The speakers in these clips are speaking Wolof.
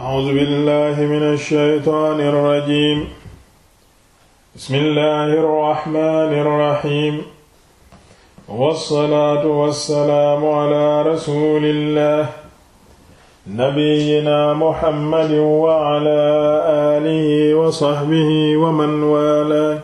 أعوذ بالله من الشيطان الرجيم بسم الله الرحمن الرحيم والصلاة والسلام على رسول الله نبينا محمد وعلى آله وصحبه ومن والاه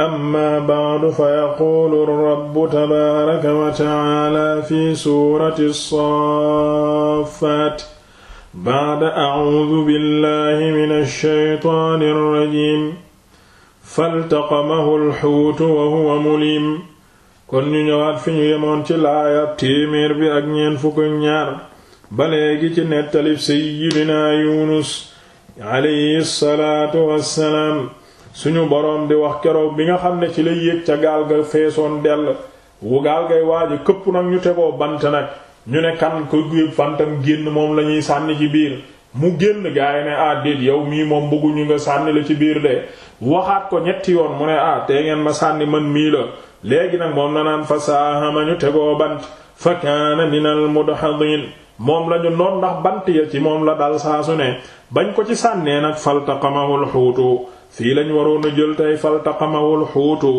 أما بعد فيقول الرب تبارك وتعالى في سورة الصافات baada acuudu billahi min alshaytaani alrajim faltaqamahu alxuutu wa huwa mulim kon ñu ñëwaat fi ñu yemoon ci laayab téeméer bi ak ñeent fukk ñaar ba ci nettalib seyyidina yunus alayhi salaatu wassalaam suñu boroom di wax keroog bi nga xam ne ci la yéeg ca gaal ga feesoon dell wu gaal gay waaji këpp nag ñu tegoo bant nag ñu ne kan ko géeb fantam génn moom la ñuy sànni ci biir mu génn gaa yi ne ah yow mii moom bëgguñu nga sànni la ci biir de waxaat ko ñetti yoon mu ne ah tey ngeen ma sànni man mii la léegi nag moom na naan fa saahama ñu tegoo bant fa kaana minal mudhadin moom lañu noon ndax bant ya ci moom la dal saasu ne bañ ko ci sànnee nag faltaqamahul xuutu fii lañu waroon a jël tey faltaqamahul xuutu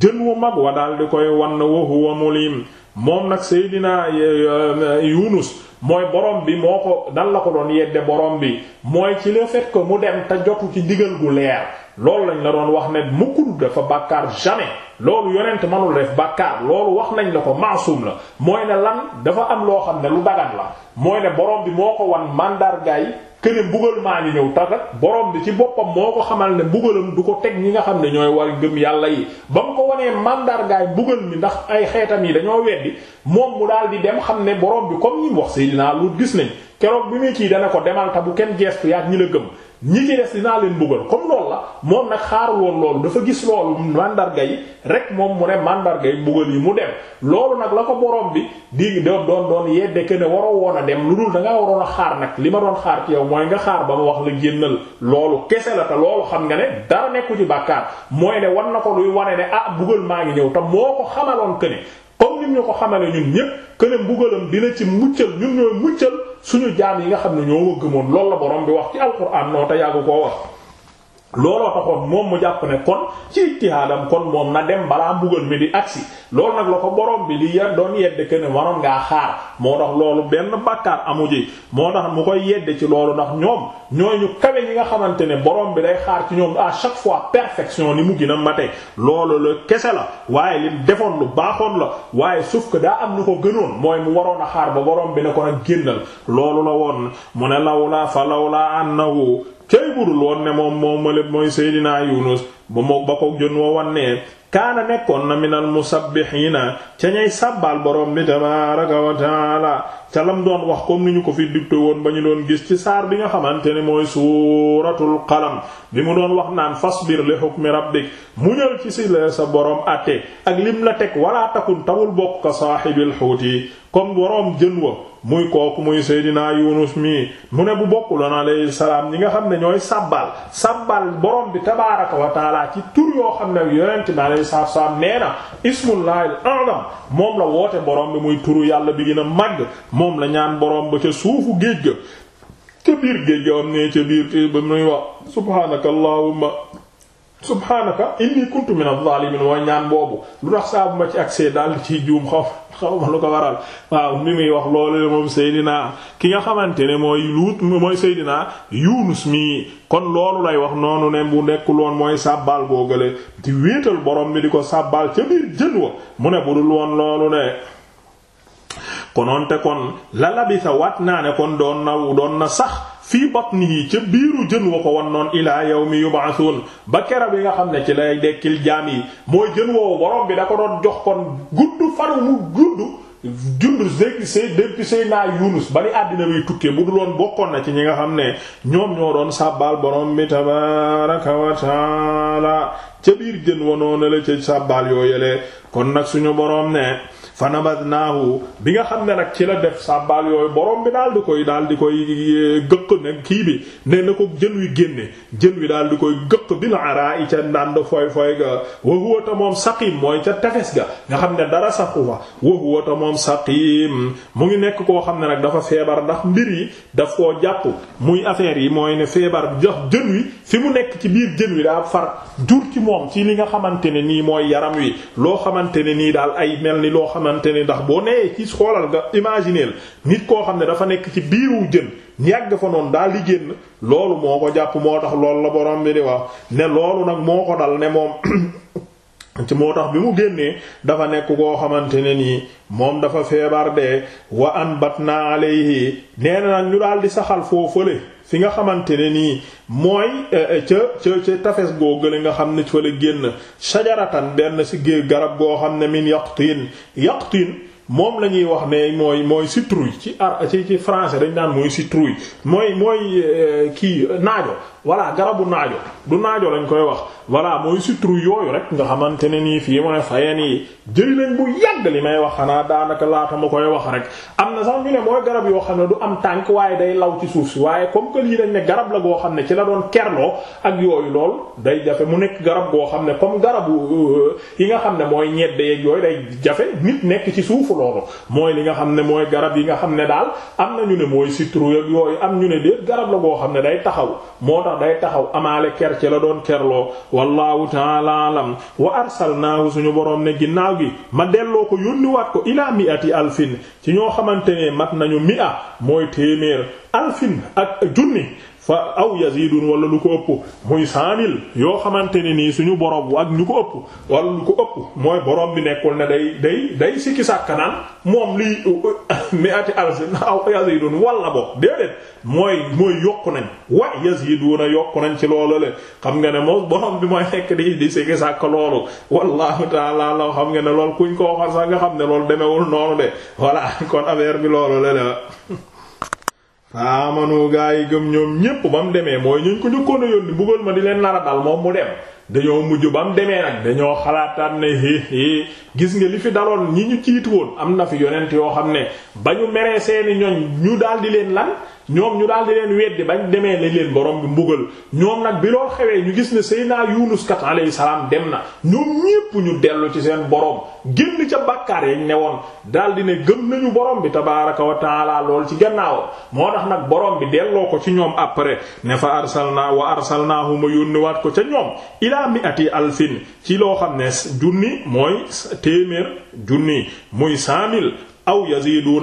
jën wu mag wa daal di koy wann wa huwa mulim moom nag Seydina euh, Yunus mooy borom bi moo ko dan la ko doon yedde borom bi mooy ci le fait que mu dem te jotu ci ndigal gu leer loolu lañ la doon wax ne mukkul dafa bàkkaar jamais loolu yonent manul def bàkkaar loolu wax nañ la ko maasum la mooy ne lan dafa am loo xam ne lu dagan la mooy ne borom bi moo ko wan mandarga yi kene mbugal maa ngi ñëw tax borom bi ci boppam moo ko xamal ne mbugalam du ko teg ñi nga xam ne ñooy war gëm yàlla yi ba mu ko wanee mandargaay mbugal mi ndax ay xeetam yi dañoo weddi moom mu daal di dem xam ne borom bi comme ñi wax Seydina Luut gis nañ keroog bi muy ciy dana ko demal ta bu kenn geestu yaak ñi la gëm ñi ci des dinaa leen buggal comme loolu la moom nag xaar woon loolu dafa gis loolu màndarga yi rek moom mu ne mandarga yi mbugal yi mu dem loolu nag la ko borom bi di doon doon doon yedde que ne waroo woon a dem lu dul da ngaa waroon a xaar nag li ma doon xaar ci yow mooy nga xaar ba mu wax la génnal loolu kese la te loolu xam nga ne dara nekku ci bàkkaar mooy ne war na ko luy wane ne ah mbugal maa ngi ñëw te moo ko xamaloon que comme nim ñu ko xamale ñun ñépp que ne mbugalam dina ci muccal ñun ñooy muccal suñu jaan yi nga xam ne ñoo wëgg moom loolu la borom bi wax ci alquran noo te yàggu koo wax looloo taxoon moom mu jàpp ne kon ci ijtihaadam kon moom na dem balaa mbugal mi di agsi loolu nag la ko boroom bi di yar doon yedd que ne waroon ngaa xaar moo tax loolu benn bàkkaar amuj ji moo tax mu koy yedde ci loolu ndax ñoom ñooy ñu kawe ñi nga xamante ne borom bi day xaar ci ñoom à chaque fois perfection ni mu gën a mate loolu la kese la waaye li defoon lu baaxoon la waaye sauf que daa am lu ko gënoon mooy mu waroon a xaar ba borom bi ne ko nag génnal loolu la woon mu ne lawlaa fa lawlaa annahu cay burul woon ne moom moo malëb mooy Seydina Yunus ba moo ba ko jën wa wannee kaana nekkoon na minal musabbihiina ca ñay sàbbaal borom bi tabaaraka wa taala ca lam doon wax comme ni ñu ko fi digte woon ba ñu doon gis ci saar bi nga xamante ne mooy suuratul qalam bi mu doon wax naan fasbir li hukmi rabbik muñal ci si la sa borom àtte ak lim la teg walaa takun tawul bokk ka saahibil huuti comme borom jën wa muy kooku muy Seydina Yunus mi mu ne bu bokkuloon alayhi salaam ñi nga xam ne ñooy sabbal sabbal borom bi tabaaraka wa taala ci tur yoo xam ne yonent bi alayhi salaam nee na ismullahi al moom la woote borom bi muy turu yàlla bi gën a màgg moom la ñaan boroom ba ca suufu géej ga ca biir géej ga am ne ca biir ba muy wax subhaanaka subhaanaka inni kuntu min adh-dhalimin mooy ñaan boobu lu tax saabu ma ci accès daal ci juum xaw xaw ma lu ko waral waaw ni muy wax loolu moom Seydina ki nga xamante ne mooy luut mooy Seydina Yunus mi kon loolu lay wax noonu ne bu nekkul woon mooy sàbbaal googale di wéetal borom bi di ko sàbbaal ca biir jën wa mu ne budul woon loolu ne konoonte kon la labisa waat naa ne kon doon na doon na sax fii yi ca biiru jën wa ko wan noon ilaa yawmi yub'athun ba kera bi nga xam ne ci lay dekkil jaam yi mooy jën woowu borom bi da ko doon jox kon gudd faru mu gudd jundu zégi say naa yunus bari àddina biy tukkee bu dul woon bokkoon na ci ñi nga xam ne ñoom ñoo doon sàbbaal borom bi tabaraka wa taala ca biir jën wa noonu la ca sàbbaal yoo yelee kon nag suñu borom ne fa namadnaahu bi nga xam ne nag ci la def sàbbaal yooyu borom bi daal di koy daal di koy eh, gëq nag kii bi ne na ko jën wi génne jën wi daal di koy gëq bil araa ca ndànd foy foy ga wa huwa ta moom saqiim mooy ca tefes ga nga xam ne dara saxu fa wa huwa ta moom saqiim mu ngi nekk koo xam ne nag dafa feebar ndax mbir yi daf koo jàpp muy affaire yi mooy ne feebar jox jën wi fi mu nekk ci biir jën wi daa far jur ci moom ci li nga xamante ne nii mooy yaram wi loo xamante ne nii daal ay mel xamante ni ndax boo nee ci xoolal nga imaginer nit koo xam ne dafa nekk ci biiru jën yàgg fa noonu daal di génn loolu moo ko jàpp moo tax lool la borom bi di wax ne loolu nag moo ko dal ne moom ci moo tax bi mu génnee dafa nekk koo xamante ne nii moom dafa feebar de wa anbatna alayhi nee na nag ñu daal di saxal foofale fi nga xamante ne nii mooy eh, eh, ca ca ca tafes goo gële nga xam ne fa la génn sajaratan benn si géer garab goo xam ne min yaqtin yaqtin moom la ñuy wax ne mooy mooy citrouille ci ar ci ci français dañ naan mooy citrouille mooy mooy euh, kii naajo voilà garabu naajo du naajo lañ koy wax voilà mooy citrouille yooyu rek nga xamante ne nii fii mu ne fayeen yi jëri lañ bu yàgg li may wax xanaa daanaka laata ma koy wax rek am na sax ñu ne mooy garab yoo xam ne du am tànk waaye day law ci suuf si waaye comme que lii dañ ne garab la goo xam ne ci la doon kerloo ak yooyu lool day jafe mu nekk garab goo xam ne comme garabu euh, yi nga xam ne mooy ñebbe yeeg yooyu day jafe nekk ci suuf foofu loolu mooy li nga xam ne mooy garab yi nga xam ne daal am na ñu ne mooy citrouille ak yooyu am ñu ne déet garab la boo xam ne day taxaw moo tax day taxaw amaale ker ci la doon kerloo wallahu ta'ala alam wa arsalnaahu suñu boroom ne ginnaaw gi ma delloo ko yónniwaat ko ilaa mi'ati alfin ci ñoo xamante ne mat nañu mi'a mooy téeméer alfin ak junni fa aw yazidun wala lu ko ëpp muy cent mille yoo xamante ne nii suñu borom bu ak ñu ko ëpp wala lu ko ëpp mooy borom bi nekkul ne day day day sikki sàkkanaan moom lii mi ati alsin aw yazidun wala bopp déedéet mooy mooy yokku nañ wa yaziduna yokku nañ ci loolu le xam nga ne moom borom bi mooy nekk di di sikki sàkk loolu wallahu taala la xam nga ne lool kuñ ko waxal sax nga xam ne loolu demewul noonu de voilà kon affaire bi loolu le la faamanu gaa yi gëm ñoom ñépp ba mu demee mooy ñu ko njëkkoon a yónni buggal ma di leen nara a dal moom mu dem dañoo mujj ba mu demee nag dañoo xalaataan ne hé gis nga li fi daloon ñi ñu ciit woon am na fi yonent yoo xam ne ba ñu meree seeni ñoñ ñu daldi leen lan ñoom ñu daal di leen weddi bañ demee ne leen borom bi mbugal ñoom nag bi loo xewee ñu gis ne Seydina Yunus kat alayhi salaam dem na ñoom ñépp ñu dellu ci seen borom génn ca bàkkaar yañ ne woon daal di ne gëm nañu borom bi tabaaraka wa taala lool ci gannaaw moo tax nag borom bi delloo ko ci ñoom après ne fa arsalna wa arsalnaahu ma yónniwaat ko ca ñoom ilaa mi'ati alfin ci loo xam ne junni mooy téeméer junni muy cent mille aw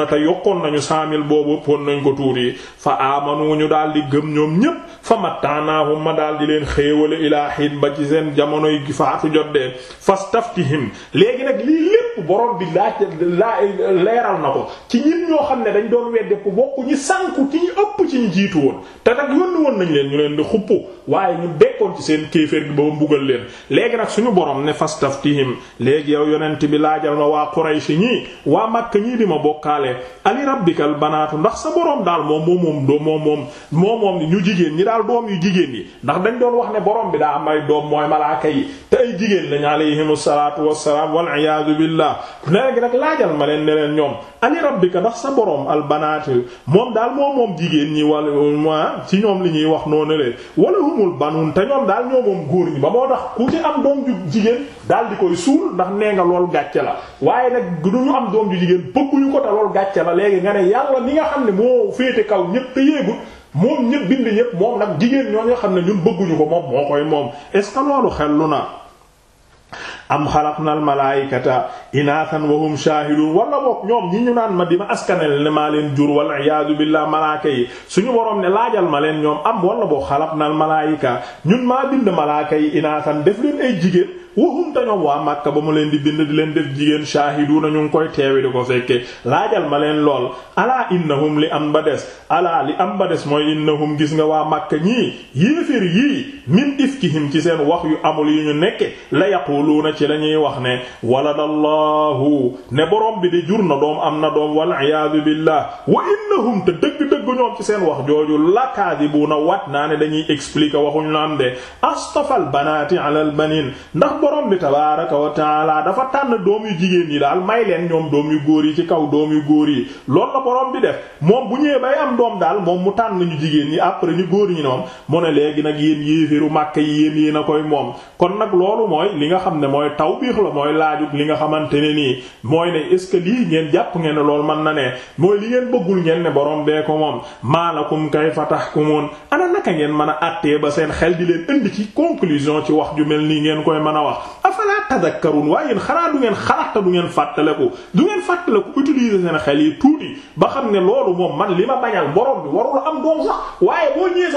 na te yokkoon nañu saamil boobu ëppoon nañ ko tuuti fa amanu ñu daal di gëm ñoom ñépp fa mattaanaahum ma daal di leen xéewale ilaa xiin ba ci seen jamono jamonoy faatu jot de fastaftihim léegi nag lii lépp borom bi laaj laa leeral na ko ci ñin ñoo xam ne dañ doon wedde ko bokku ñi sànku ci ñu ëpp ci ñu jiitu woon te nag yónni woon nañ leen ñu leen di xuppu waaye ñu dekkoon ci seen kéeféer gi ba mbugal leen léegi nag suñu borom ne fastaftihim léegi yow yonent bi laajal ñii di ma bokkaale ali rabbikal banaatu ndax sa borom daal moom moom moom doom moom moom moom moom ñu jigéen ñi daal doom yu jigéen yi ndax dañ doon wax ne borom bi daa am ay doom mooy malaaka yi te ay jigéen lañ alayhim salaatu wassalaam wal iyaadu billah léegi nag laajal ma leen ne leen ñoom ali rabbika ndax sa borom al banaatu moom daal moom moom jigéen ñi wala ma ci ñoom li ñuy wax noonu le wala humul banuun te ñoom daal ñoo moom góor ñi ba moo tax ku ci am doom ju jigéen daal di koy suul ndax nee nga lool gàcce la waaye nag du ñu am doom ju jigéen bëgguñu ko te loolu gàcce la léegi nga ne yàlla ni nga xam ne moo féete kaw ñëpp te yéegul moom ñépp bind ñépp moom nag jigéen ñoo nga xam ne ñun bëgguñu ko moom moo koy moom est-ce que loolu xellu na am xalaqna al malaikata inathan wa hum shahidun wala boog ñoom ñi ñu naan ma di ma askanel ne maa leen jur wal iyaadu billah malaaka yi suñu woroom ne laajal ma leen ñoom am na boog xalaqna al malaika ñun maa bind malaaka yi inathan def leen ay jigéen waxum ta ñoom waa Makka ba mu leen di bind di leen def jigéen shaahidu na ñu ngi koy teewi di ko fekkee laajal ma leen lool alaa innahum li am ba des alaa li am ba des mooy innahum gis nga waa Makka ñii yéefér yii ki ifkihim ci seen wax yu amul yu ñu nekke la na ci la ñuy wax ne waladallahu ne borom bi di jur na doom am na doom wal iyaadu billah wa innahum te dëgg-dëgg ñoom ci seen wax jooju na wat naa ne dañuy expliquer waxuñu la am de astafal banaati alal baniin ndax ndax borom bi tabaaraka wa taala dafa tànn doom yu jigéen yi daal may leen ñoom doom yu góor yi ci kaw doom yu góor yi lool la borom bi def moom bu ñëwee bay am doom daal moom mu tànn ñu jigéen ñi après ñu góor yi moom mu ne léegi nag yéen yéeféru màkk yi yéen yéen a koy moom kon nag loolu mooy li nga xam ne mooy taw tawbiix la mooy laajug li nga xamante ne nii mooy ne est-ce que lii ngeen jàpp ngeen ne loolu man na ne mooy li ngeen bëggul ngeen ne borom bee ko moom maalakum kayfa tahkumun ana naka a àttee ba seen xel di leen indi ci conclusion ci wax ju mel nii ngeen koy mën a wax afala tadakkarun waaye yéen xanaa du ngeen xalaat te du ngeen fàttaleku du ngeen fàttaleku utiliser xam ne loolu moom man li ma bañal borom bi warul am doom sax waaye boo ñëwee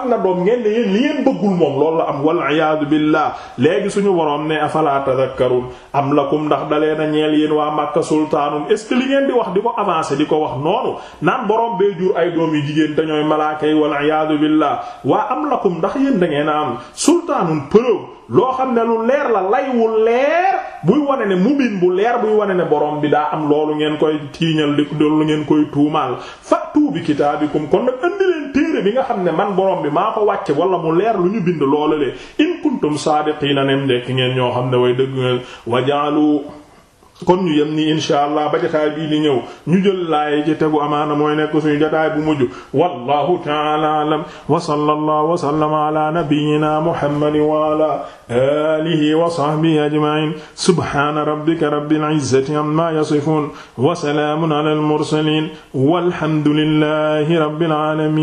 am na doom ngeen ne yéen li ngeen bëggul moom la am wal iyaadu billah léegi suñu borom ne afala tadakkarun am lakum ndax dalee na ñeel yéen waa Makka sultaanum est ce que li ngeen di wax di ko avancer di ko wax noonu naan borom bee jur ay doom yu jigéen dañooy ñooy malaaka yi wal iyaadu billah waa am lakum ndax yéen da ngeen a am loo xam ne lu leer la lay wu leer buy wane ne mubin bu leer buy wane ne borom bi daa am loolu ngeen koy tiiñal di loolu ngeen koy tuumaal fatu bi kitaabikum kon nag andi leen téere bi nga xam ne man borom bi maa ko wàcce wala mu leer lu ñu bind loolu le in kuntum saadiqiina nem ndekk ngeen ñoo xam ne way dëgg ngeen wajaalu kon ñu yem ni insha allah ba jotaay bii di ñëw ñu jël laay ci tegu amaana mooy nekk suñu jotaay bu mujj wallahu ta'ala alam wa sallallahu wa sallama ala nabiyyina muhammad wa ala alihi wa sahbihi ajma'in subhana rabbika rabbil izzati amma yasifun wa salamun ala al mursalin walhamdulillahi rabbil alamin